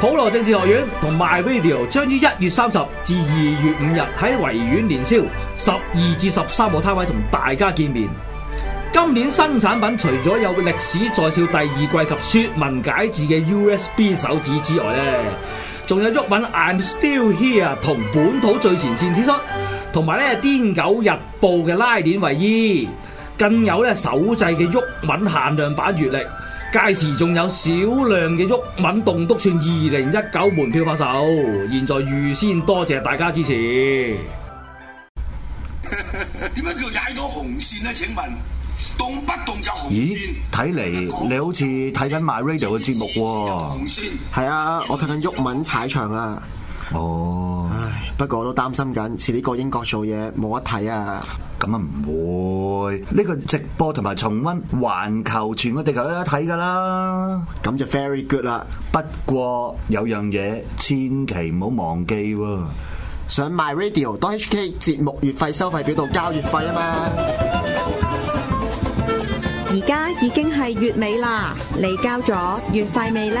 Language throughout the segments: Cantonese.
普羅政治學院同 MyVideo 將於一月三十至二月五日喺維園年宵十二至十三號攤位同大家見面。今年新產品除咗有歷史在笑第二季及說文解字嘅 USB 手指之外呢，仲有郁文 I'm Still Here 同本土最前線 T 恤，同埋咧癲狗日報嘅拉鏈衛衣，更有咧手製嘅郁文限量版月曆。屆時仲有少量嘅毓民棟篤串二零一九門票發售，現在預先多謝大家支持。點解叫踩到紅線咧？請問動不動就紅線？咦，睇嚟你好似睇緊 MyRadio 嘅節目喎。係啊，我睇緊毓民踩場啊。哦。唉不過我都擔心緊，似呢個英國做嘢冇得睇啊！咁啊唔會，呢、呢個直播同埋重温，環球全個地球都有得睇噶啦！咁就 very good 啦。不過有樣嘢千祈唔好忘記喎、啊，上 my radio 多 HK 節目月費收費表度交月費啊嘛。而家已經係月尾啦，你交咗月費未呢？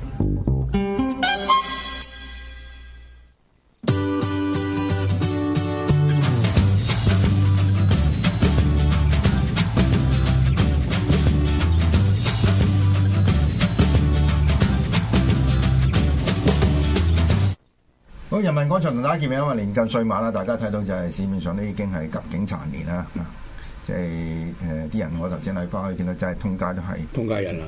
人文講場同大家見面，因為，年近歲晚啦，大家睇到就係市面上都已經係急景殘年啦。即係誒啲人我，我頭先喺翻去見到，就係通街都係通街人啊，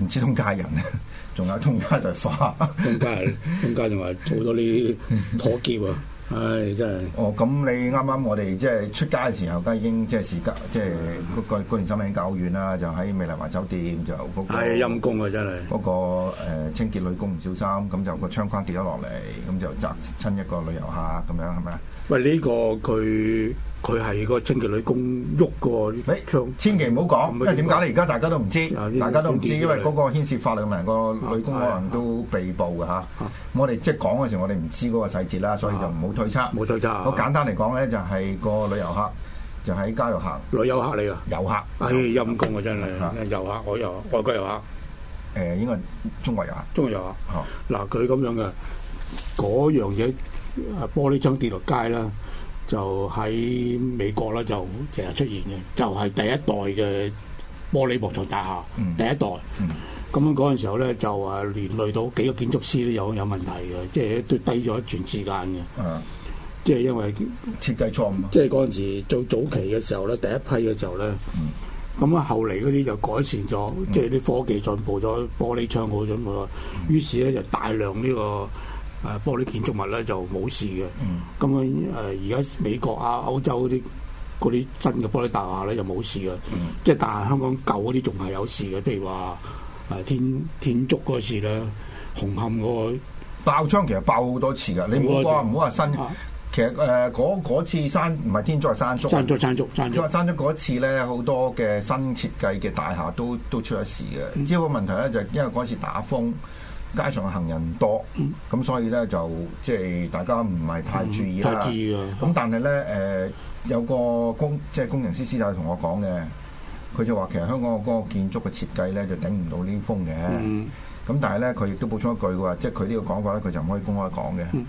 唔知通街人，人人啊，仲有通街就係花，通街，通街就話做多啲妥協啊。唉、 哎，真係！哦，咁你啱啱我哋即係出街嘅時候，都已經即係時間，即係嗰個心段新聞搞遠啦，就喺美麗華酒店就嗰、那個係陰公啊！真係嗰、那個、呃、清潔女工唔小心，咁就個窗框跌咗落嚟，咁就砸親一個旅遊客，咁樣係咪啊？喂，呢、這個佢。佢係個清潔女工喐過，誒，千祈唔好講，因為點解咧？而家大家都唔知，大家都唔知，因為嗰個牽涉法律問題，個女工可能都被捕嘅吓。我哋即係講嘅時候，我哋唔知嗰個細節啦，所以就唔好推測。冇推測。好簡單嚟講咧，就係個旅遊客就喺街度行。旅遊客嚟啊！遊客，唉，陰公啊，真係遊客，外遊外國遊客。誒，應該中國遊客。中國遊客。嗱，佢咁樣嘅嗰樣嘢，玻璃窗跌落街啦。就喺美國咧，就成日出現嘅，就係、是、第一代嘅玻璃幕牆大廈，嗯、第一代。咁嗰陣時候咧，就話連累到幾個建築師都有有問題嘅，即、就、係、是、都低咗一段時間嘅。即係、啊、因為設計錯誤。即係嗰陣時最早期嘅時候咧，第一批嘅時候咧。咁啊、嗯，後嚟嗰啲就改善咗，即係啲科技進步咗，玻璃窗好進步咗。於是咧，就大量呢、這個。誒玻璃建築物咧就冇事嘅，咁樣誒而家美國啊、歐洲嗰啲嗰啲新嘅玻璃大廈咧就冇事嘅，即係、嗯、但係香港舊嗰啲仲係有事嘅，譬如話誒天天竺嗰次啦，紅磡嗰、嗰個爆窗其實爆好多次㗎，你唔好話唔好話新，啊、其實誒嗰次山唔係天竺，係山，山竹，山竹山竹山竹山竹嗰次咧好多嘅新設計嘅大廈都都出咗事嘅，只係個問題咧就係因為嗰次打風。街上行人多，咁、嗯、所以咧就即係大家唔係太注意啦。咁、嗯啊、但係咧，誒、呃、有個工即係工程師師太同我講嘅，佢就話其實香港個建築嘅設計咧就頂唔到呢風嘅。咁但係咧，佢亦都補充一句嘅話，即係佢呢個講法咧，佢就唔可以公開講嘅。誒，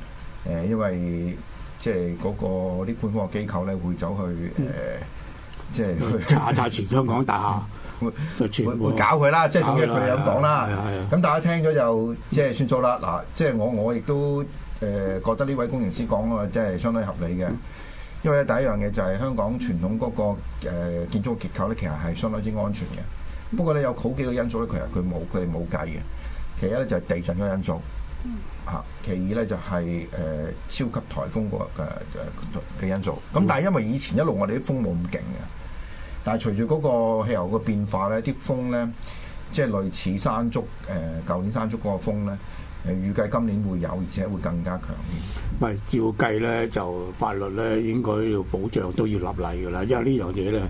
嗯、因為即係嗰個啲官方機構咧會走去誒，呃嗯、即係去查查、就是、全香港大廈。嗯會全部 會搞佢啦，它即係總之佢咁講啦。咁大家聽咗就即係算數啦。嗱、嗯，即係我我亦都誒覺得呢位工程師講啊，即係相當合理嘅。因為咧第一樣嘢就係、是、香港傳統嗰個建築結構咧，其實係相當之安全嘅。不過咧有好幾個因素咧，其實佢冇佢哋冇計嘅。其一咧就係地震嗰個因素，嚇、嗯。其二咧就係、是、誒、呃、超級颱風個嘅、呃、因素。咁但係因為以前一路我哋啲風冇咁勁嘅。但係隨住嗰個氣候嘅變化咧，啲風咧，即係類似山竹誒，舊、呃、年山竹嗰個風咧，誒、呃、預計今年會有，而且會更加強。唔係照計咧，就法律咧應該要保障，都要立例㗎啦。因為呢樣嘢咧，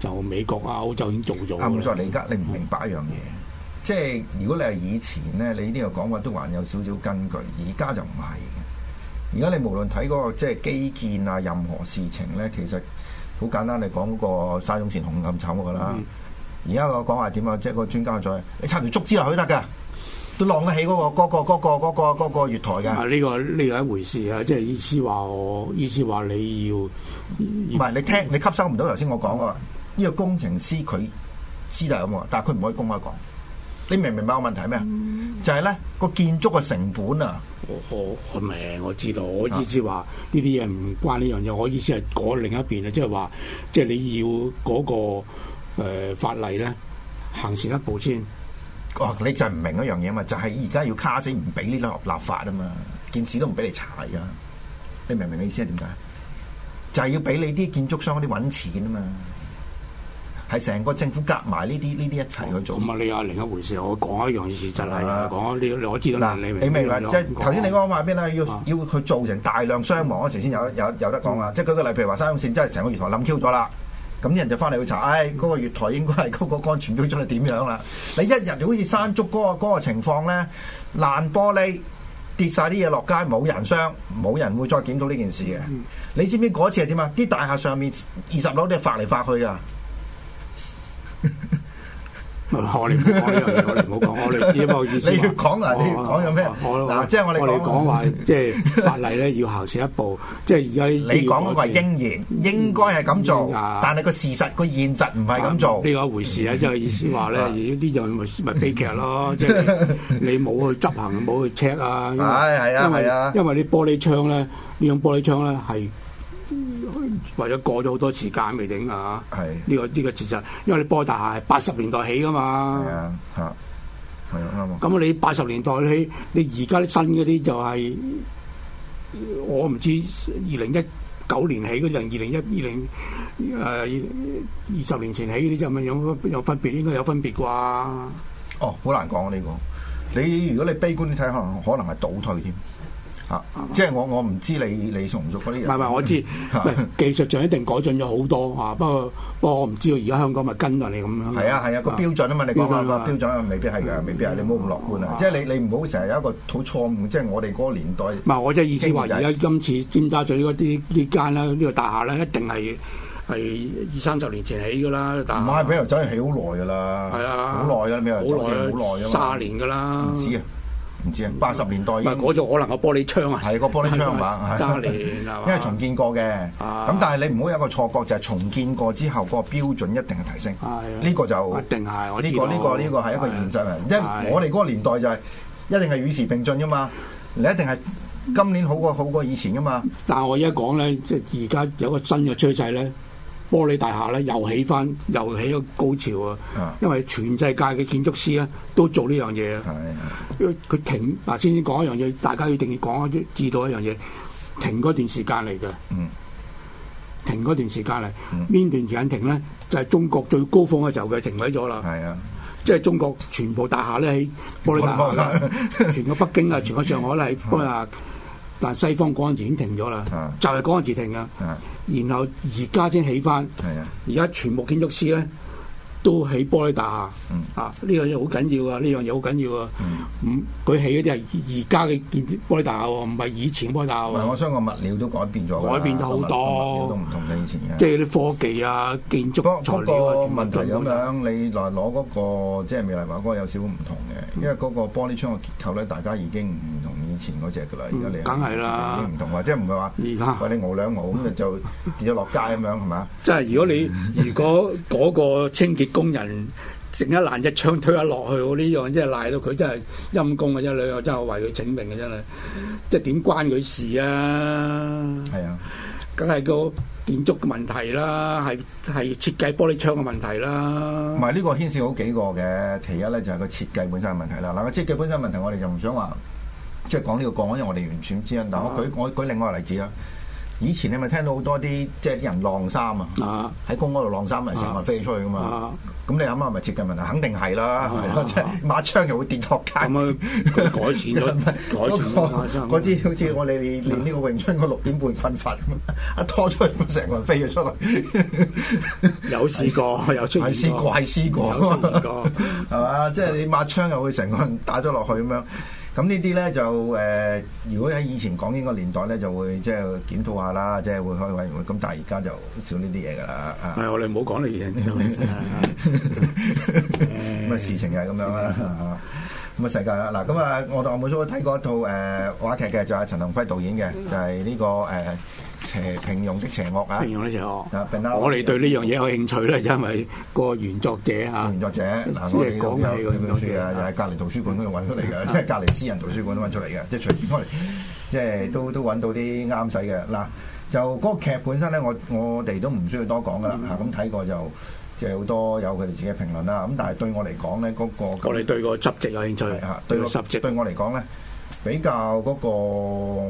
就美國啊、歐洲已經做咗。啊唔錯，你而家你唔明白一樣嘢，嗯、即係如果你係以前咧，你呢個講法都還有少少根據，而家就唔係。而家你無論睇嗰、嗰個即係基建啊，任何事情咧，其實。好簡單嚟講，那個沙涌前紅磡站，我覺得而家我講話點啊，即係個專家再你插條竹枝落去都得嘅，都浪得起嗰、那個、那個、那個、那個、那個月台嘅。呢、啊這個呢、這個一回事啊，即係意思話，我意思話你要，唔係你聽你吸收唔到頭先我講嘅，呢、嗯、個工程師佢知得咁喎，但係佢唔可以公開講，你明唔明白個問題係咩啊？嗯就係咧個建築嘅成本啊！我我，我明我知道，我意思話呢啲嘢唔關呢樣嘢。我意思係講另一邊啊，即係話即係你要嗰個呃法例咧行前一步先。哦，你就唔明一樣嘢嘛？就係而家要卡死唔俾呢兩立法啊嘛，件事都唔俾你查噶。你明唔明嘅意思係點解？就係要俾你啲建築商嗰啲揾錢啊嘛！係成個政府夾埋呢啲呢啲一齊去做。唔你有、啊、另一回事，我講一樣事實啦。講、就、啲、是啊、我知到嗱，啊、你明你譬如即係頭先你講話咩啦，要要佢造成大量傷亡嗰時先有有有得講啦。即係舉個例，譬如話沙中線真係成個月台冧 Q 咗啦，咁啲人就翻嚟去查，唉、哎，嗰、那個月台應該係嗰、那個安全標準係點樣啦？你一日就好似山竹嗰、那個那個情況咧，爛玻璃跌晒啲嘢落街，冇人傷，冇人會再檢到呢件事嘅。嗯、你知唔知嗰次係點啊？啲大廈上面二十樓都係發嚟發去㗎。我哋唔講，我哋唔好講，我哋知不過意思。你要講嗱，你要講有咩？即係我哋講話，即係法例咧要行進先一步，即係而家。你講嗰個應然應該係咁做，但係個事實個現實唔係咁做。呢個一回事啊，即係意思話咧，呢樣咪悲劇咯。即係你冇去執行，冇去 check 啊。係啊係啊，因為啲玻璃窗咧，呢種玻璃窗咧係。為咗過咗好多時間未定啊！係。呢個、呢個其實，因為你波大係八十年代起噶嘛。係啊，係啱啊。咁你八十年代起，你而家啲新嗰啲就係，我唔知二零一九年起嗰陣，二零一二零誒二十年前起呢，就咪有分有分別，應該有分別啩？哦，好難講啊！呢個，你如果你悲觀你睇，可能可能係倒退添。啊！即係我我唔知你你熟唔熟嗰啲人。唔係唔係，我知。技術上一定改進咗好多嚇。不過不過，我唔知道而家香港咪跟啊你咁樣。係啊係啊，個標準啊嘛，你講下個標準未必係㗎，未必啊，你唔好咁樂觀啊。即係你你唔好成日有一個好錯誤。即係我哋嗰個年代。唔係，我即係意思話而家今次尖沙咀嗰啲啲間啦，呢個大廈咧，一定係係二三十年前起㗎啦。唔係，俾牛仔起好耐㗎啦。係啊，好耐啊，俾好耐啊，卅年㗎啦。唔止啊！八十年代，唔係，我就可能個玻璃窗啊，係個是玻璃窗啊，爭年因為重建過嘅，咁、啊、但係你唔好有一個錯覺，就係、是、重建過之後嗰個標準一定係提升，呢、啊、個就一定係呢、呢個呢、呢個呢、呢個係、呢個、一個現實嚟，即係、啊、我哋嗰個年代就係、是、一定係與時並進㗎嘛，你一定係今年好過好過以前㗎嘛。但係我而家講咧，即係而家有個新嘅趨勢咧。玻璃大廈咧又起返，又起個高潮啊！因為全世界嘅建築師咧都做呢樣嘢啊。因為佢停啊，先先講一樣嘢，大家一定要講一知道一樣嘢，停嗰段時間嚟嘅。嗯、停嗰段時間嚟，邊、嗯、段時間停咧？就係、是、中國最高峰嘅時候，佢停起咗啦。係啊、哎呀，即係中國全部大廈咧，喺玻璃大廈，啊、哈哈 全個北京啊，全個上海咧，係玻璃。但西方嗰陣時已經停咗啦，就係嗰陣時停㗎，然後而家先起返。而家全部建築師咧都起玻璃大廈，啊呢樣嘢好緊要啊！呢樣嘢好緊要啊！咁佢起嗰啲係而家嘅建玻璃大廈喎，唔係以前玻璃大廈喎。我相信物料都改變咗，改變咗好多，都唔同以前嘅。即係啲科技啊、建築材料啊、問題咁樣，你嚟攞嗰個即係美麗華嗰個有少少唔同嘅，因為嗰個玻璃窗嘅結構咧，大家已經。前嗰隻噶啦，而家你梗係啦，唔同啊，即係唔係話餵你鵝兩鵝咁就跌咗落街咁樣係咪啊？即係如果你如果嗰個清潔工人成一爛隻窗推下落去，我呢樣真係賴到佢真係陰公嘅，真係我真係為佢請命嘅，真係即係點關佢事啊？係啊，梗係個建築嘅問題啦，係係設計玻璃窗嘅問題啦。唔係，呢個牽涉好幾個嘅，其一咧就係個設計本身嘅問題啦。嗱個設計本身問題，我哋就唔想話。即係講呢個槓桿，因為我哋完全唔知啊。但係我舉 Yeah. 我舉另外個例子啦。以前你咪聽到好多啲即係啲人晾衫啊，喺公屋度晾衫，咪成個飛出去噶嘛。咁 Yeah. 你諗下，咪接近問題，肯定係啦。Yeah. ね即係抹窗又會跌落街， 改錢 改錢。嗰支好似我哋練呢個詠春，我六點半棍法，一拖出去個出，成個人飛咗出嚟。有試過，有出現過，試試過，係嘛？ 即係你抹窗又會成個人打咗落去咁樣。咁呢啲咧就誒、呃，如果喺以前港英嘅年代咧，就會即係檢討下啦，即係會開委員會。咁但係而家就少呢啲嘢㗎啦。係我哋唔好講呢啲嘢。咁啊事情係咁樣啦。咁啊、 嗯、世界啦。嗱咁啊，我哋，阿梅叔都睇過一套誒、呃、話劇嘅，就係陳龍輝導演嘅， 就係呢、這個誒。呃邪平庸的邪惡啊！平庸咧，邪惡。我哋對呢樣嘢有興趣咧，因為個原作者嚇。原作者嗱，我哋講起個原作者就喺隔離圖書館度揾出嚟嘅，即係隔離私人圖書館揾出嚟嘅，即係隨便開嚟，即係都都揾到啲啱使嘅。嗱，就嗰個劇本身咧，我我哋都唔需要多講噶啦嚇。咁睇過就即係好多有佢哋自己嘅評論啦。咁但係對我嚟講咧，嗰個我哋對個執職有興趣嚇，對個執職對我嚟講咧比較嗰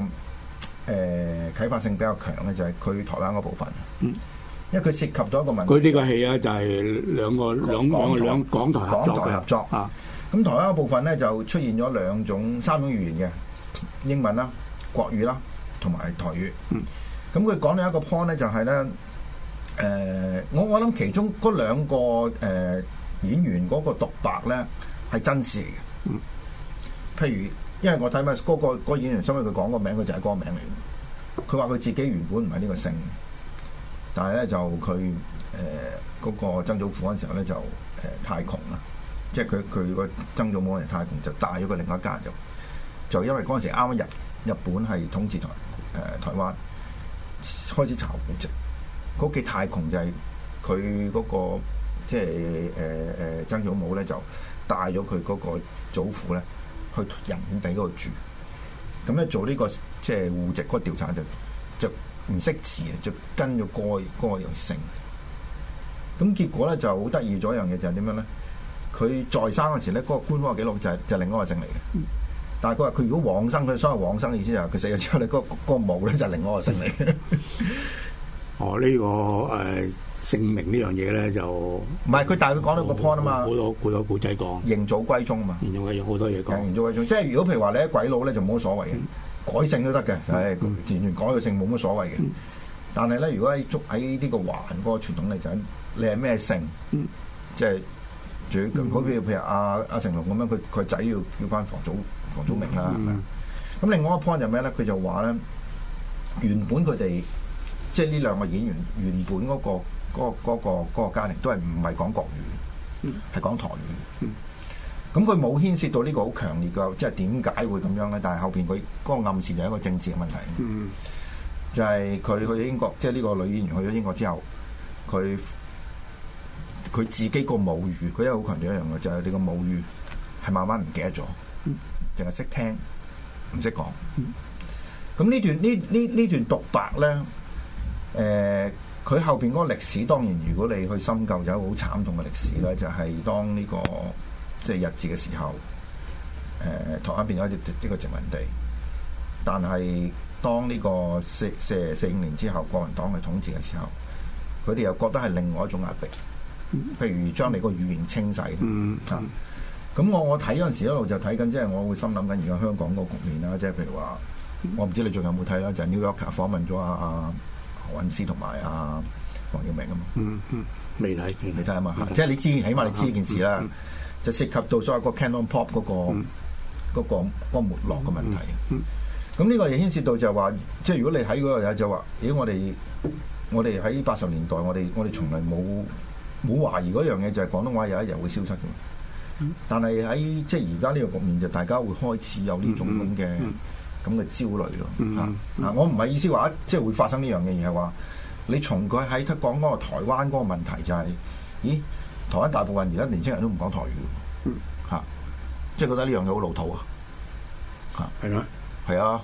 個。誒啟發性比較強嘅就係佢台灣嗰部分，嗯，因為佢涉及咗一個問題。佢呢個戲啊，就係兩個兩港兩港台合作。咁台灣嗰部分咧就出現咗兩種、三種語言嘅英文啦、國語啦，同埋台語。咁佢講到一個 point 咧，就係咧，誒，我我諗其中嗰兩個演員嗰個獨白咧係真事嘅。譬如。因為我睇咩嗰個演員，因為佢講個名，佢就係歌名嚟。佢話佢自己原本唔係呢個姓，但係咧就佢誒嗰個曾祖父嗰陣時候咧就誒、呃、太窮啦，即係佢佢個曾祖母人太窮，就帶咗佢另外一家人就就因為嗰陣時啱啱入日本係統治台誒、呃、台灣開始查戶籍，屋企太窮就係佢嗰個即係誒誒曾祖母咧就帶咗佢嗰個祖父咧。去人哋嗰度住，咁咧做呢、呢個即係戶籍嗰個調查就就唔識字啊，就跟咗、嗰個、嗰個姓。咁結果咧就好得意咗一樣嘢，就係、係、點樣咧？佢再生嗰陣時咧，嗰、嗰個官方記錄就係、係、就係、另一個姓嚟嘅。但係佢話佢如果往生，佢所謂往生嘅意思就係、係、佢死咗之後你嗰、嗰個、嗰個墓咧就另一個姓嚟嘅。哦，呢、呢個誒。姓名呢樣嘢咧就唔係佢，但係佢講到個 point 啊嘛，好多好多古仔講，認祖歸宗嘛，認祖歸宗好多嘢講，認祖歸宗即係如果譬如話你係鬼佬咧，就冇乜所謂嘅，改姓都得嘅，誒自然改個姓冇乜所謂嘅。但係咧，如果喺捉喺呢個環嗰個傳統嚟緊，你係咩姓，即係譬如阿阿成龍咁樣，佢佢仔要要翻房祖房祖名啦，咁另外一個 point 就咩咧？佢就話咧，原本佢哋即係呢兩個演員原本嗰個。嗰、那個嗰、那個那個、家庭都係唔係講國語，係、嗯、講台語。咁佢冇牽涉到呢個好強烈嘅，即係點解會咁樣咧？但係後邊佢嗰個暗示就係一個政治嘅問題。嗯、就係佢去咗英國，即係呢個女演員去咗英國之後，佢佢自己個母語，佢一好強調一樣嘅，就係、是、呢個母語係慢慢唔記得咗，淨係識聽，唔識講。咁、嗯、呢段呢呢呢段獨白咧，誒、呃。佢後邊嗰個歷史當然，如果你去深究，有好慘痛嘅歷史咧、嗯、這個，就係當呢個即係日治嘅時候，誒、呃、台灣變咗一一個殖民地。但係當呢個四四四五年之後，國民黨去統治嘅時候，佢哋又覺得係另外一種壓迫，譬如將你個語言清洗。咁、嗯嗯、啊、我我睇嗰陣時一路就睇緊，即係我會心諗緊而家香港個局面啦，即、就、係、是、譬如話，我唔知你仲有冇睇啦，就係、New Yorker 訪問咗阿。啊譚詠同埋啊黃耀明啊嘛，嗯嗯，未睇，未睇啊嘛，嗯、即係你知，嗯、起碼你知呢件事啦，嗯嗯、就涉及到所有 Can、那個 Cantopop 嗰個嗰個嗰個沒落嘅問題。嗯，咁、嗯、呢、嗯、個亦牽涉到就係話，即、就、係、是、如果你喺嗰個就話，咦！我哋我哋喺八十年代我，我哋我哋從來冇冇懷疑嗰樣嘢，就係廣東話有一日會消失嘅、嗯嗯嗯。但係喺即係而家呢個局面，就大家會開始有呢種咁嘅。嗯嗯嗯咁嘅焦慮咯，嗯、啊！我唔係意思話即係會發生呢樣嘢，而係話你從佢喺講嗰個台灣嗰個問題就係、是，咦？台灣大部分而家年輕人都唔講台語嘅、啊啊，即係覺得呢樣嘢好老土啊，嚇嗎！係咩？係啊，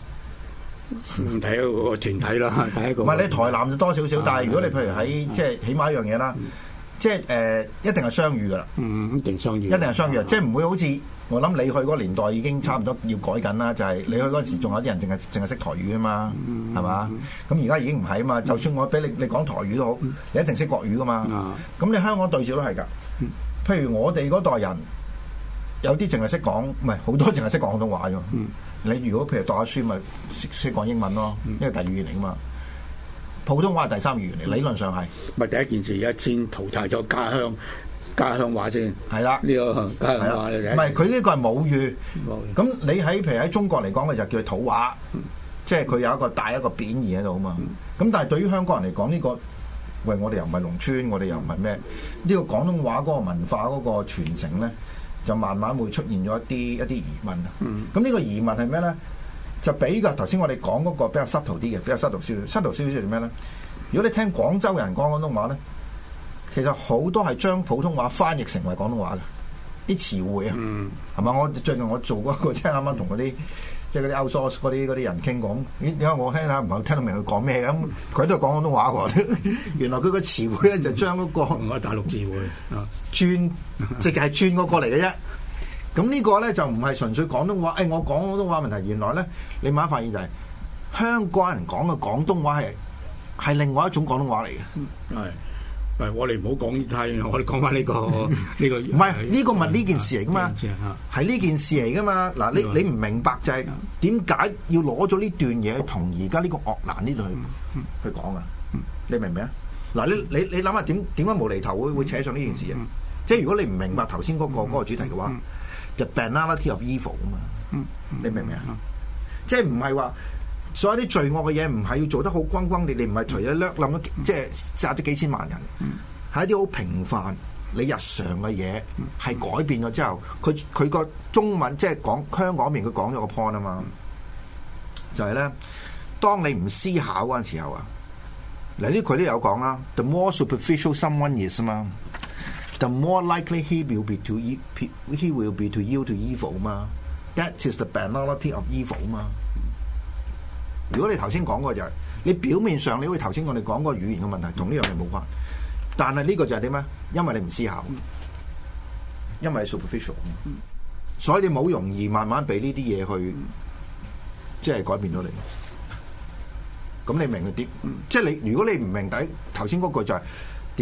睇、嗯、一個團體啦，睇一個。唔係你台南就多少少，啊、但係如果你譬如喺即係，起碼一樣嘢啦。嗯即係誒、呃，一定係雙語噶啦。嗯，一定雙語、嗯。一定係雙語，嗯、即係唔會好似我諗你去嗰年代已經差唔多要改緊啦，就係、是、你去嗰陣時仲有啲人淨係淨係識台語啊嘛，係嘛？咁而家已經唔係啊嘛。就算我俾你，你講台語都好，嗯、你一定識國語噶嘛。咁、嗯嗯、你香港對照都係噶。譬如我哋嗰代人，有啲淨係識講，唔係好多淨係識講廣東話啫。嗯、你如果譬如讀下書，咪識識講英文咯，因為第二語言嚟啊嘛。普通話第三語言嚟，理論上係。咪第一件事，而家先淘汰咗家鄉家鄉話先。係啦的，呢個家鄉話唔係，佢呢個係母語。咁語你喺譬如喺中國嚟講嘅就叫土話，嗯、即係佢有一個、嗯、大一個貶義喺度啊嘛。咁、嗯、但係對於香港人嚟講，呢、呢個喂我哋又唔係農村，我哋又唔係咩？呢、嗯、個廣東話嗰個文化嗰個傳承咧，就慢慢會出現咗一啲一啲疑問啊。咁呢、嗯嗯、個疑問係咩咧？就俾個頭先我哋講嗰個比較 subtle 啲嘅，比較 subtle 少少。subtle 少少即係咩咧？如果你聽廣州人講廣東話咧，其實好多係將普通話翻譯成為廣東話嘅啲詞彙啊，係嘛、嗯？我最近我做嗰、嗰個即係啱啱同嗰啲即係嗰啲 outsource 嗰啲嗰啲人傾過咁，點解我聽下唔係聽到明佢講咩咁？佢、嗯、都係講廣東話喎， 原來佢個詞彙咧就將嗰個唔係大陸字匯啊 直轉，即係係轉嗰個嚟嘅啫。咁呢個咧就唔係純粹廣東話，誒我講廣東話問題。原來咧，你慢慢發現就係香港人講嘅廣東話係係另外一種廣東話嚟嘅。係，誒我哋唔好講太遠，我哋講翻呢個呢個。唔係呢個，咪呢件事嚟噶嘛，係呢件事嚟噶嘛？嗱，你你唔明白就係點解要攞咗呢段嘢同而家呢個鄂蘭呢度去去講啊？你明唔明啊？嗱，你你你諗下點點解無厘頭會會扯上呢件事啊？即係如果你唔明白頭先嗰個嗰個主題嘅話，就 banality of evil 啊嘛，嗯、你明唔明啊？嗯、即係唔係話所有啲罪惡嘅嘢，唔係要做得好轟轟烈烈，唔係除咗掠咁，嗯、即係殺咗幾千萬人，係、嗯、一啲好平凡、你日常嘅嘢，係改變咗之後，佢佢個中文即係講香港邊，佢講咗個 point 啊嘛，就係、是、咧，當你唔思考嗰陣時候啊，嗱呢佢都有講啦，the more superficial someone is 嘛。The more likely he will be to、e、he will be to yield to evil 嘛。That is the banality of evil 嘛。Mm. 如果你頭先講過就係你表面上，你好似頭先我哋講個語言嘅問題，同呢樣嘢冇關。但係呢個就係點咩？因為你唔思考，因為 superficial，所以你冇容易慢慢俾呢啲嘢去，即係改變到你。咁你明嗰啲？即係你如果你唔明底頭先嗰句就係、是。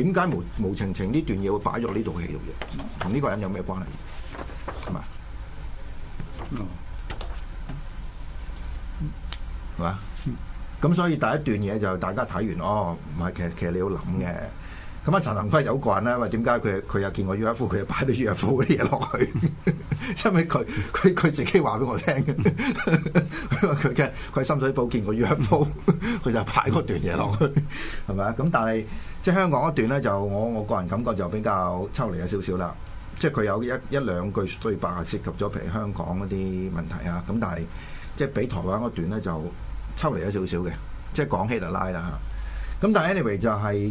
點解無無情情呢段嘢會擺咗呢套戲度嘅？同呢個人有咩關係？係嘛？係嘛？咁所以第一段嘢就大家睇完，哦，唔係，其實其實你要諗嘅。咁啊，陳恒輝有個人咧，話點解佢佢又見過 U F O，佢又擺啲 U F O 嗰啲嘢落去，因為佢佢佢自己話俾我聽嘅，佢嘅佢深水埗見過 U F O，佢就擺嗰段嘢落去，係咪啊？咁但係即係香港一段咧，就我我個人感覺就比較抽離咗少少啦。即係佢有一一兩句對白涉及咗，譬如香港嗰啲問題啊。咁但係即係比台灣嗰段咧就抽離咗少少嘅，即係講希特拉啦。咁但係 anyway 就係。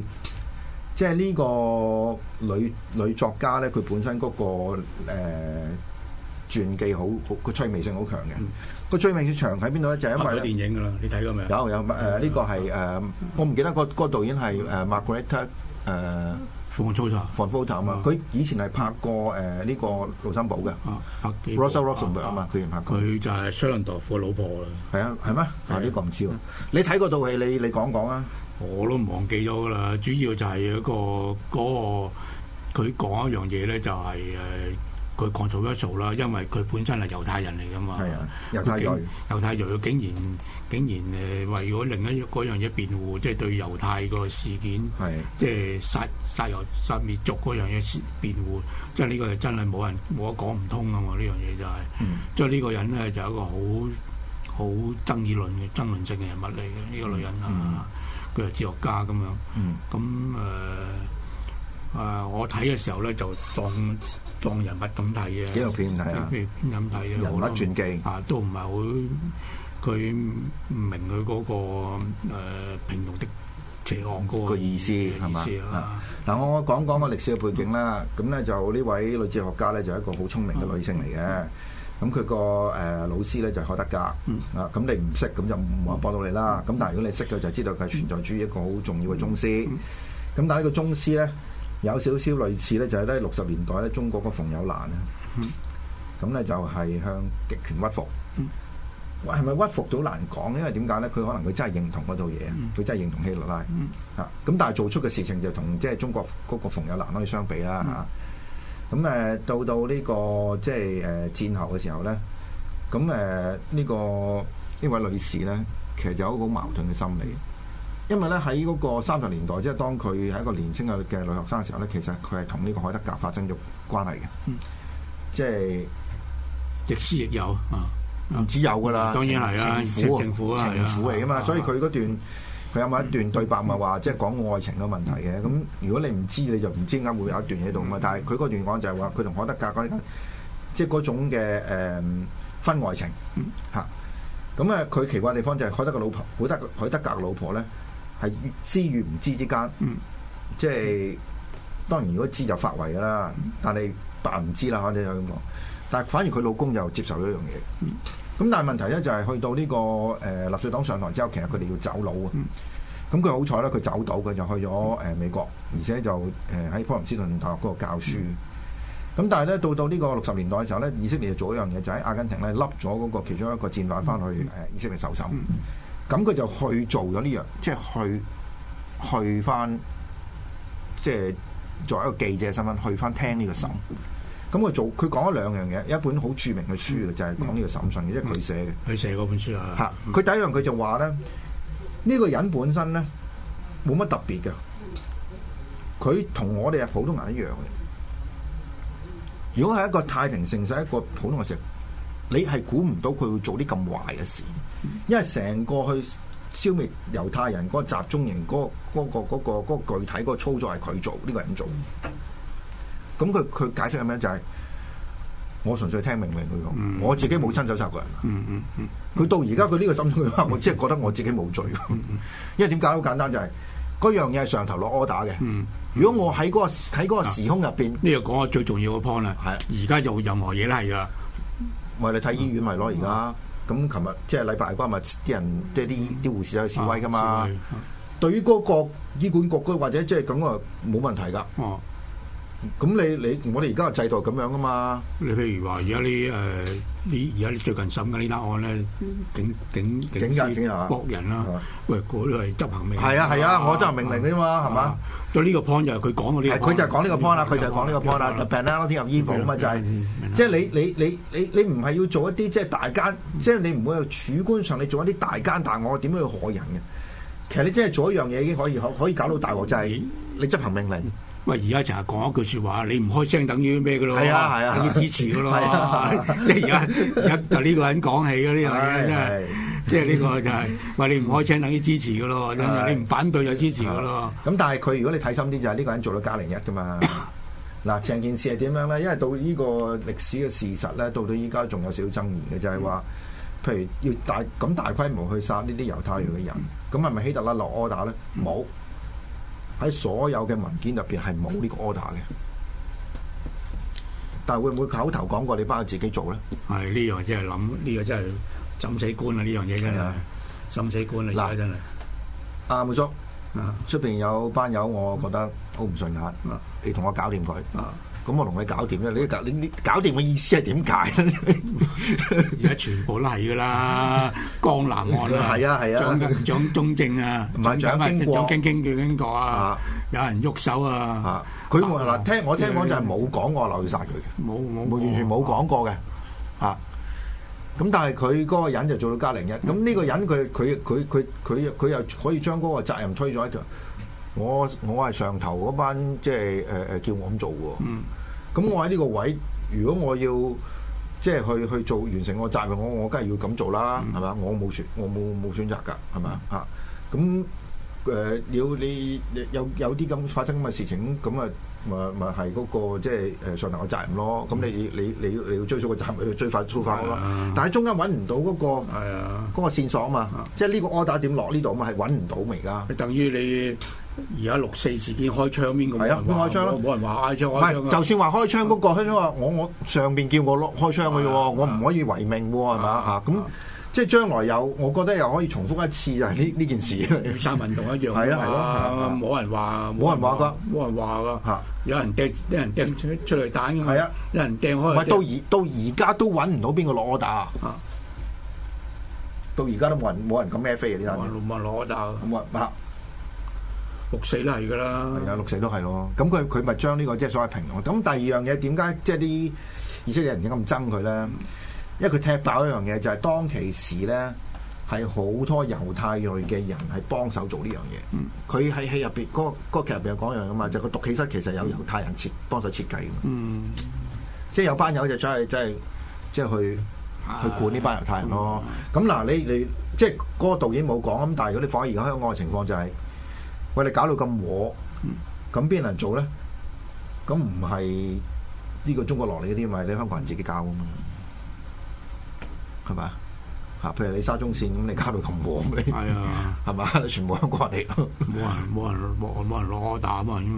即係呢個女女作家咧，佢本身嗰個誒傳記好好個趣味性好強嘅，個趣味性長喺邊度咧？就係因為有咗電影㗎啦，你睇過未？有有誒呢個係誒我唔記得個個導演係誒 Margaret 誒范錯錯啊，范錯錯啊嘛。佢以前係拍過誒呢個盧森堡嘅啊嘛，佢拍佢就係 Shirland 夫嘅老婆啦。係啊係咩？啊呢個唔知喎，你睇過套戲你你講講啊？我都忘記咗啦。主要就係一個嗰、嗰個佢講一樣嘢咧，就係誒佢 control 不了啦。因為佢本身係猶太人嚟噶嘛，啊，猶太裔猶太裔竟然竟然誒為咗另一嗰樣嘢辯護，即係對猶太個事件，啊、即係殺殺猶殺滅族嗰樣嘢辯護，即係呢個就真係冇人冇得講唔通噶嘛。呢樣嘢就係，即係呢個人咧就係、一個好好爭議論嘅爭論性嘅人物嚟嘅呢個女人啊。啊。佢係哲學家咁樣，咁誒啊，我睇嘅時候咧就當當人物咁睇啊，即係紀錄片睇啊，咩片咁睇啊？《人物傳記》啊，都唔係好佢唔明佢嗰、嗰個誒、呃、平庸的邪惡、嗰個、個意思係嘛，嗱，我我講講個歷史嘅背景啦。咁咧、嗯、就呢位女哲學家咧，就係一個好聰明嘅女性嚟嘅。嗯咁佢個誒老師咧就學得噶，嗯、啊咁你唔識咁就唔話幫到你啦。咁但係如果你識嘅就知道佢係存在主義一個好重要嘅宗師。咁、嗯嗯、但係呢個宗師咧有少少類似咧就係咧六十年代咧中國嗰個馮友蘭咧，咁咧、嗯、就係向極權屈服。我係咪屈服到難講？因為點解咧？佢可能佢真係認同嗰套嘢，佢、嗯、真係認同希特勒。嗯嗯、啊咁，但係做出嘅事情就同即係中國嗰個馮友蘭，蘭可以相比啦。嚇、啊！啊咁誒到到、這、呢個即係誒戰後嘅時候咧，咁誒呢個呢位女士咧，其實有一個好矛盾嘅心理，因為咧喺嗰個三十年代，即係當佢係一個年青嘅嘅女學生嘅時候咧，其實佢係同呢個海德格發生咗關係嘅，即係、嗯就是、亦師亦友、嗯、啊，唔止有噶啦，當然係啊，情婦啊，情婦嚟噶嘛，所以佢嗰段。佢有冇一段對白咪話即係講愛情嘅問題嘅？咁、嗯、如果你唔知你就唔知點解會,會有一段嘢度嘛？嗯、但係佢嗰段講就係話佢同海德格嗰啲，即係嗰種嘅誒、嗯、分愛情嚇。咁、嗯、啊，佢奇怪地方就係海德嘅老婆，海德海德格嘅老婆咧係知與唔知之間，即係、嗯就是、當然如果知就發圍㗎啦、嗯，但係扮唔知啦嚇，可能咁講。但係反而佢老公就接受咗一樣嘢。嗯咁但係問題咧就係、是、去到呢、這個誒、呃、納粹黨上台之後，其實佢哋要走佬啊！咁佢好彩咧，佢走到佢就去咗誒美國，嗯、而且就誒喺普林斯頓大學嗰度教書。咁、嗯、但係咧到到呢個六十年代嘅時候咧，以色列做一樣嘢，就喺、是、阿根廷咧笠咗嗰個其中一個戰犯翻去誒、嗯啊、以色列受審。咁佢、嗯嗯、就去做咗呢樣，即係去去翻，即係作為一個記者身份去翻聽呢個審。嗯咁佢做，佢講咗兩樣嘢，一本好著名嘅書就係、係、講呢個審訊、嗯、即係佢寫嘅。佢寫嗰本書啊！嚇，佢第一樣佢就話咧，呢、呢個人本身咧冇乜特別嘅，佢同我哋普通人一樣嘅。如果係一個太平盛世，一個普通嘅時候，你係估唔到佢會做啲咁壞嘅事，因為成個去消滅猶太人嗰個集中營嗰、嗰個嗰、嗰個嗰、嗰個嗰個嗰個具體嗰個操作係佢做，呢、呢個人做。咁佢佢解釋咁樣就係，我純粹聽明明佢講，我自己冇親手殺過人。佢到而家佢呢個心中我即係覺得我自己冇罪。因為點解好簡單，就係，就係嗰樣嘢係上頭落 order 嘅。如果我喺嗰個喺嗰個時空入邊，呢個、啊、講下最重要嘅 point 啦。係而家就任何嘢都係噶，喂、嗯，你睇醫院咪囉而家。咁琴日即係禮拜關咪，啲人，即係啲啲護士有示威噶嘛？啊啊、對於嗰個醫管局或者即係咁啊，冇問題噶。咁你你我哋而家嘅制度咁樣噶嘛？你譬如話而家你誒，呢而家你最近審緊呢單案咧，警警警司啊，惡人啦，喂，嗰啲係執行命令。係啊係啊，我執行命令啫嘛，係嘛。咁呢個 point 就係佢講嗰啲。佢就係講呢個 point 啦，佢就係講呢個 point 啦，就病啦，先入醫部啊嘛，就係，即係你你你你你唔係要做一啲即係大奸，即係你唔會有主觀上你做一啲大奸大惡，點去害人嘅？其實你真係做一樣嘢已經可以可以搞到大禍，就係你執行命令。喂，而家成日講一句説話，你唔開聲等於咩嘅咯？係啊，係啊，等於支持嘅咯。即係而家就呢個人講起嗰啲嘢，真係即係呢個就係喂，你唔開聲等於支持嘅咯。你唔反對就支持嘅咯。咁但係佢如果你睇深啲就係呢個人做到加零一嘅嘛。嗱，成件事係點樣咧？因為到呢個歷史嘅事實咧，到到依家仲有少少爭議嘅，就係話，譬如要大咁大規模去殺呢啲猶太人嘅人，咁係咪希特勒落 order 咧？冇。喺所有嘅文件入邊係冇呢個 order 嘅，但係會唔會口頭講過你包自己做咧？係呢樣真係諗，呢個真係浸死官啊！呢樣嘢真係浸死官嚟。嗱，真係阿梅叔，啊，出邊有班友，我覺得好唔順眼，啊、你同我搞掂佢。啊咁我同你搞掂啦！你搞掂嘅意思係點解？而家全部都係噶啦，江南岸啦，係啊係啊，蔣中正啊，蔣經蔣經經經過啊，有人喐手啊，佢話嗱，聽我聽講就係冇講過流晒佢，嘅，冇冇完全冇講過嘅，嚇。咁但係佢嗰個人就做到加零一。咁呢個人佢佢佢佢佢佢又可以將嗰個責任推咗喺度。我我係上頭嗰班，即係誒誒叫我咁做喎。咁我喺呢個位，如果我要即係去去做完成個責任，我我梗係要咁做啦，係咪啊？我冇選，我冇冇選擇㗎，係咪啊？嚇！咁一誒，要、呃、你有有啲咁發生咁嘅事情，咁啊，咪咪係嗰個即係誒上頭嘅責任咯。咁你你你要你要追蹤個責任，要追快做法，但係中間揾唔到嗰、嗰個嗰是、啊、個線索啊嘛，啊即係呢個 order 點落呢度啊嘛，係揾唔到咪㗎。係等於你。而家六四事件開槍邊個，冇人話開槍咯。冇人話開槍。唔係，就算話開槍嗰個開槍，我我上邊叫我攞開槍嘅啫喎，我唔可以違命喎，係嘛嚇？咁即係將來有，我覺得又可以重複一次就係呢呢件事。學生運動一樣，係啊係咯，冇人話，冇人話㗎，冇人話㗎嚇。有人掟，有人掟出嚟彈㗎，係啊，有人掟開。到而到而家都揾唔到邊個攞我打。到而家都冇人冇人敢咩飛。呢，冇人攞打。冇啊！六四都係噶啦，係啊，六四都係咯。咁佢佢咪將呢個即係所謂平庸。咁第二樣嘢點解即係啲以色列人點解咁憎佢咧？嗯、因為佢踢爆一樣嘢就係、是、當其時咧係好多猶太裔嘅人係幫手做呢樣嘢。佢喺、嗯、戲入邊嗰個嗰、那個、劇入邊有講樣嘅嘛，就個、是、毒氣室其實有猶太人設幫手設計嗯，即係有班友就出去即係即係去去,去管呢班猶太人咯。咁嗱、嗯，你你即係嗰個導演冇講咁，但係如果你放喺而家香港嘅情況就係、是。喂，哋搞到咁和，咁邊有人做咧？咁唔係呢個中國落嚟嗰啲，咪你香港人自己搞㗎嘛，係咪？嚇！譬如你沙中線咁，你搞到咁黃，你係啊，係嘛？全部都怪你，冇人冇人冇冇人攞我打嘛，因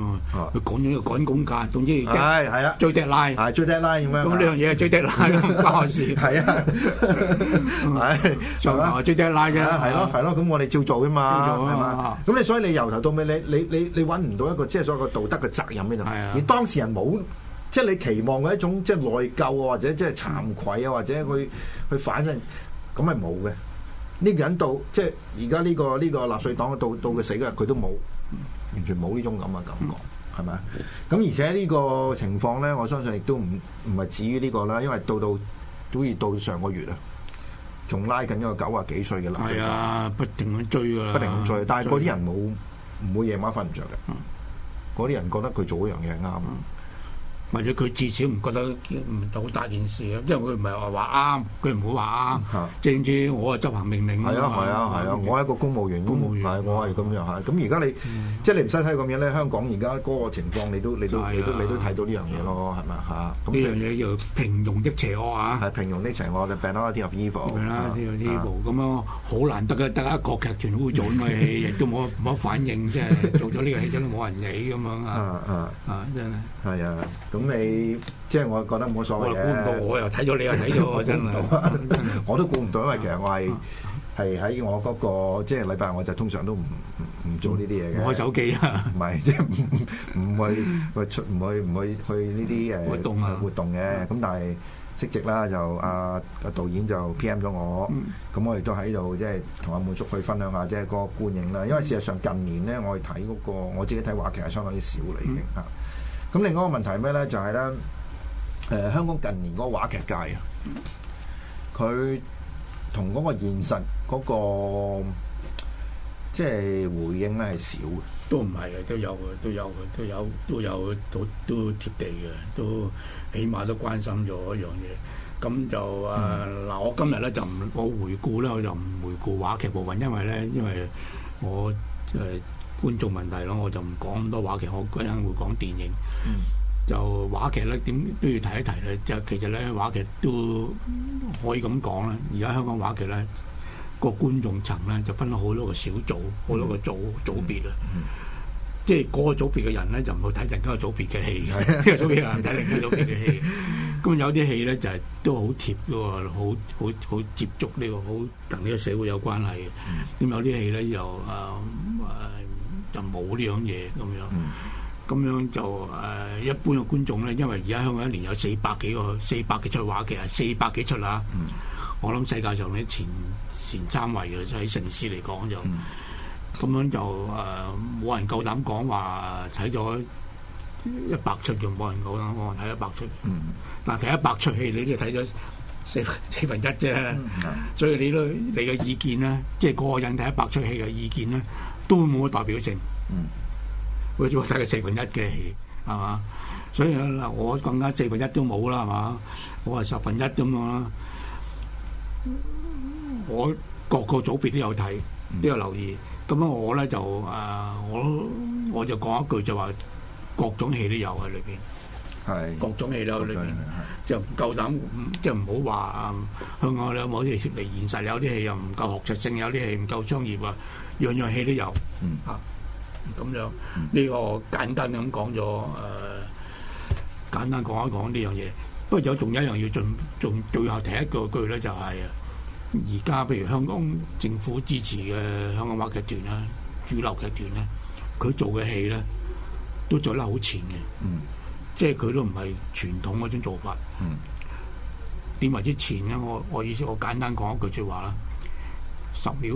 佢趕咗要趕咁價，總之係係啊，追低拉係追低拉咁樣。咁呢樣嘢係追低拉嘅，關事係啊，係上頭追低拉啫，係咯係咯。咁我哋照做啫嘛，咁你所以你由頭到尾，你你你你揾唔到一個即係所謂個道德嘅責任喺度，而當事人冇即係你期望嘅一種即係內疚啊，或者即係慚愧啊，或者佢，去反證。咁係冇嘅，呢、這個人到即係而家呢個呢、這個納粹黨到到佢死日，佢都冇，完全冇呢種咁嘅感覺，係咪啊？咁而且呢個情況咧，我相信亦都唔唔係止於呢個啦，因為到到都要到上個月啊，仲拉緊一個九啊幾歲嘅啦。係啊，不停咁追噶，不停咁追。但係嗰啲人冇，唔的會夜晚瞓唔着嘅。嗰啲、嗯、人覺得佢做一樣嘢啱。嗯或者佢至少唔覺得唔到大件事啊，即係佢唔係話啱，佢唔會話啱，知唔知？我係執行命令。係啊係啊係啊！我係一個公務員，公務員，我係咁樣嚇。咁而家你即係你唔使睇咁樣咧，香港而家嗰個情況你都你都你都睇到呢樣嘢咯，係咪嚇？呢樣嘢叫平庸的邪惡嚇。係平庸的邪惡，banality of evil。係啦，啲入衣服咁樣好難得嘅，得一個劇團會做啊嘛，亦都冇冇乜反應，即係做咗呢個戲真係冇人理咁樣啊啊，真係。係啊。咁你即係我覺得冇所謂嘅，估唔到我又睇咗你又睇咗，真係我都估唔到，因為其實我係係喺我嗰個即係禮拜我就通常都唔唔做呢啲嘢嘅，冇開手機啊，唔係即係唔唔去去出唔去唔去去呢啲誒活動嘅活動嘅，咁但係息直啦就阿阿導演就 PM 咗我，咁我亦都喺度即係同阿滿叔去分享下即係嗰個觀影啦，因為事實上近年咧我哋睇嗰個我自己睇話劇係相當之少嚟嘅嚇。咁另外一個問題係咩咧？就係咧，誒香港近年個話劇界啊，佢同嗰個現實嗰個即係回應咧係少嘅。都唔係嘅，都有嘅，都有嘅，都有都有都都貼地嘅，都起碼都關心咗一樣嘢。咁就誒嗱，我今日咧就唔我回顧咧，我就唔回顧話劇部分，因為咧，因為我誒。觀眾問題咯，我就唔講咁多話劇，我嗰陣會講電影。嗯、就話劇咧，點都要提一提咧。就其實咧，話劇都可以咁講啦。而家香港話劇咧，個觀眾層咧就分咗好多個小組，好、嗯、多個組組別啦。即係個組別嘅人咧，就唔去睇人家個組別嘅戲，呢個 組別唔睇另一組嘅戲。咁、 嗯嗯、有啲戲咧就係都好貼嘅喎，好好好接觸呢、呢個好同呢個社會有關係。咁有啲戲咧又啊誒。嗯嗯嗯嗯嗯嗯嗯就冇呢樣嘢咁樣，咁樣就誒、呃、一般嘅觀眾咧，因為而家香港一年有四百幾個、四百幾出話劇，四百幾出啦。嗯、我諗世界上咧前前三位嘅，喺城市嚟講就咁樣就誒冇、呃、人夠膽講話睇咗一百出，就冇人夠膽講啦。冇人睇一百出，嗯、但睇一百出戲，你都睇咗四分四分一啫。嗯、所以你都你嘅意見咧，即係個人睇一百出戲嘅意見咧。都冇乜代表性，我最多睇佢四分一嘅戲，係嘛？所以嗱，我更加四分一都冇啦，係嘛？我係十分一咁樣啦。我各個組別都有睇，都有留意。咁樣我咧就誒，我就我就講一句就話，各種戲都有喺裏邊。係的各種戲啦，裏邊 okay, 就唔夠膽，即係唔好話啊！香港你有冇啲脫離現實有？有啲戲又唔夠學術性有，有啲戲唔夠商業啊！樣樣戲都有嚇，咁樣呢個簡單咁講咗誒，簡單講一講呢樣嘢。不過有仲有一樣要盡，仲最後提一句咧，就係而家譬如香港政府支持嘅香港話劇團咧，主流劇團咧，佢做嘅戲咧，都做得好前嘅，即係佢都唔係傳統嗰種做法。點為之前咧？我我意思，我簡單講一句説話啦，十秒。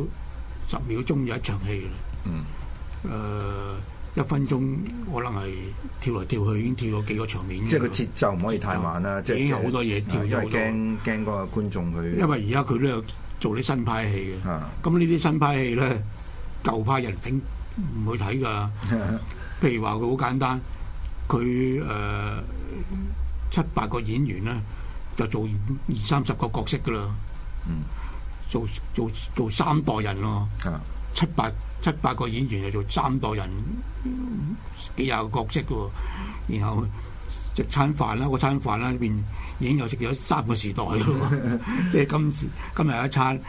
十秒鐘有一場戲嘅，嗯，誒，一分鐘可能係跳來跳去，已經跳咗幾個場面。即係個節奏唔可以太慢啦，即係好多嘢跳咗。因為驚驚嗰個觀眾佢，因為而家佢都有做啲新派戲嘅，咁呢啲新派戲咧，舊派人唔會睇噶。譬如話佢好簡單，佢誒七八個演員咧，就做二三十個角色噶啦。嗯。做做做三代人咯，七八七八個演員就做三代人，幾廿個角色嘅喎。然後食餐飯啦，嗰餐飯啦，裏邊已經又食咗三個時代咯。 即係今時今日一餐，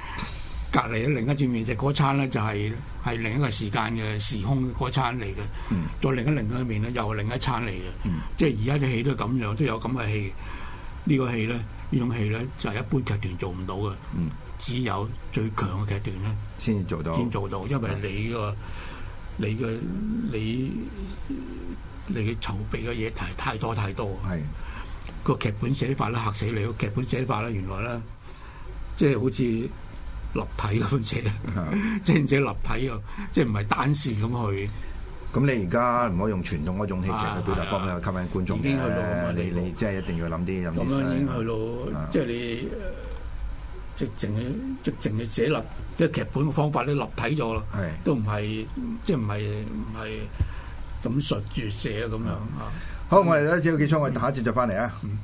隔離另一轉面，食嗰餐咧就係、是、係另一個時間嘅時空嗰餐嚟嘅。再另一另一面咧，又係另一餐嚟嘅。 即係而家啲戲都係咁樣，都有咁嘅戲。呢、這個戲咧，呢種戲咧，就係、是、一般劇團做唔到嘅。 只有最強嘅劇段咧，先做到先做到，因為你個你嘅你你嘅籌備嘅嘢題太多太多啊！係個劇本寫法咧嚇死你，個劇本寫法咧原來咧，即係好似立體咁寫啦，即係寫立體啊！即係唔係單線咁去？咁你而家唔可以用傳統嗰種戲劇嘅表達方式去吸引觀眾嘅？誒，你你即係一定要諗啲諗啲。咁樣已經去到，即係你。直情去，直情去寫立，即係劇本嘅方法都立體咗啦，是都唔係即係唔係唔係咁述住寫啊咁樣嚇。好，嗯、我哋呢節就結束，我哋下一節再翻嚟啊。嗯